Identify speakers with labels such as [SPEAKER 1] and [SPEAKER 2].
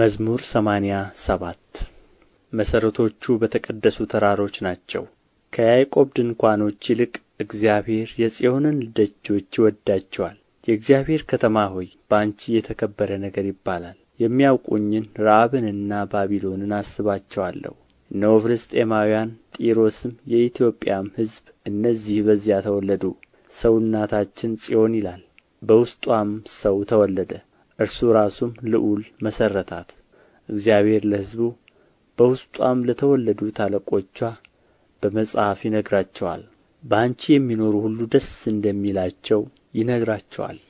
[SPEAKER 1] መዝሙር ሰማንያ ሰባት መሠረቶቹ በተቀደሱ ተራሮች ናቸው። ከያዕቆብ ድንኳኖች ይልቅ እግዚአብሔር የጽዮንን ደጆች ይወዳቸዋል። የእግዚአብሔር ከተማ ሆይ በአንቺ የተከበረ ነገር ይባላል። የሚያውቁኝን ረዓብንና ባቢሎንን አስባቸዋለሁ። እነሆ ፍልስጥኤማውያን ጢሮስም የኢትዮጵያም ሕዝብ እነዚህ በዚያ ተወለዱ። ሰው እናታችን ጽዮን ይላል፣ በውስጧም ሰው ተወለደ። እርሱ ራሱም ልዑል መሠረታት እግዚአብሔር ለሕዝቡ በውስጧም ለተወለዱት አለቆቿ በመጽሐፍ ይነግራቸዋል በአንቺ የሚኖሩ ሁሉ ደስ እንደሚላቸው ይነግራቸዋል